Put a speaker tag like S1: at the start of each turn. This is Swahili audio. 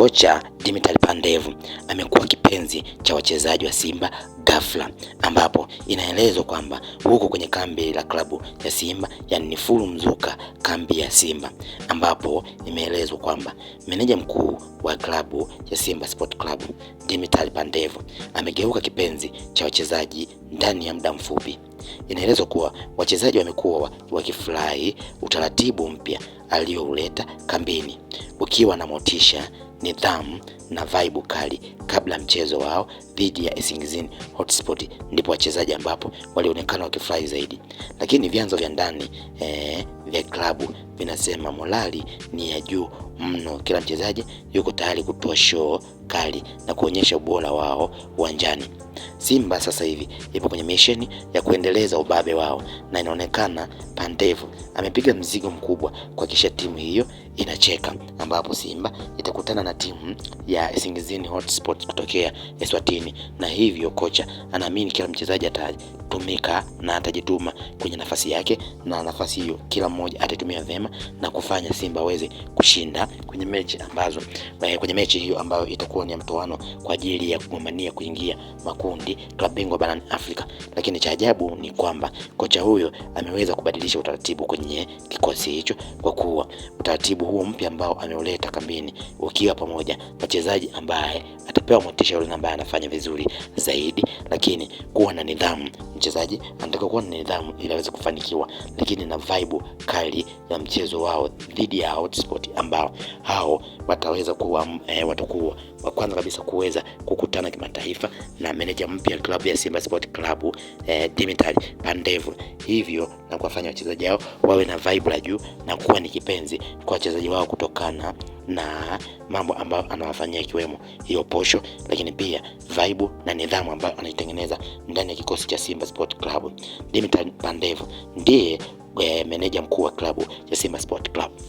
S1: kocha Dimitar Pandev amekuwa kipenzi cha wachezaji wa Simba ghafla, ambapo inaelezwa kwamba huko kwenye kambi la klabu ya Simba yani Nifuru Mzuka, kambi ya Simba, ambapo imeelezwa kwamba meneja mkuu wa klabu ya Simba Sport Club Dimitar Pandev amegeuka kipenzi cha wachezaji ndani ya muda mfupi. Inaelezwa kuwa wachezaji wamekuwa wakifurahi utaratibu mpya aliyouleta kambini, ukiwa na motisha, nidhamu na vaibu kali kabla mchezo wao dhidi ya Singizini Hotspot, ndipo wachezaji ambapo walionekana wakifurahi zaidi, lakini vyanzo vya ndani eh, vya klabu vinasema morali ni ya juu mno. Kila mchezaji yuko tayari kutoa show kali na kuonyesha ubora wao uwanjani. Simba sasa hivi ipo kwenye misheni ya kuendeleza ubabe wao na inaonekana Pandevu amepiga mzigo mkubwa kwa kisha kuhakikisha timu hiyo inacheka, ambapo Simba itakutana na timu ya Singizini Hotspot kutokea Eswatini, na hivyo kocha anaamini kila mchezaji atatumika na atajituma kwenye nafasi yake, na nafasi hiyo kila mmoja ataitumia vema na kufanya Simba aweze kushinda kwenye mechi ambazo eh, kwenye mechi hiyo ambayo itakuwa ni mtoano kwa ajili ya kugombania kuingia makundi klabu bingwa barani Afrika. Lakini cha ajabu ni kwamba kocha huyo ameweza kubadilisha utaratibu kwenye kikosi hicho kwa ku kuwa utaratibu huo mpya ambao ameuleta kambini, ukiwa pamoja wachezaji ambaye ata kupewa motisha yule ambaye anafanya vizuri zaidi, lakini kuwa na nidhamu. Mchezaji anataka kuwa na nidhamu ili aweze kufanikiwa, lakini na vibe kali ya mchezo wao dhidi ya Hotspot, ambao hao wataweza kuwa eh, watakuwa wa kwanza kabisa kuweza kukutana kimataifa na meneja mpya klabu ya Simba Sport Club eh, Dimitri Pandev, hivyo na kuwafanya wachezaji hao wawe na vibe la juu na kuwa ni kipenzi kwa wachezaji wao kutokana na mambo ambayo anawafanyia ikiwemo hiyo posho, lakini pia vibe na nidhamu ambayo anaitengeneza ndani ya kikosi cha Simba Sport Club. Dimitar Pandev ndiye eh, meneja mkuu wa klabu ya Simba Sport Club.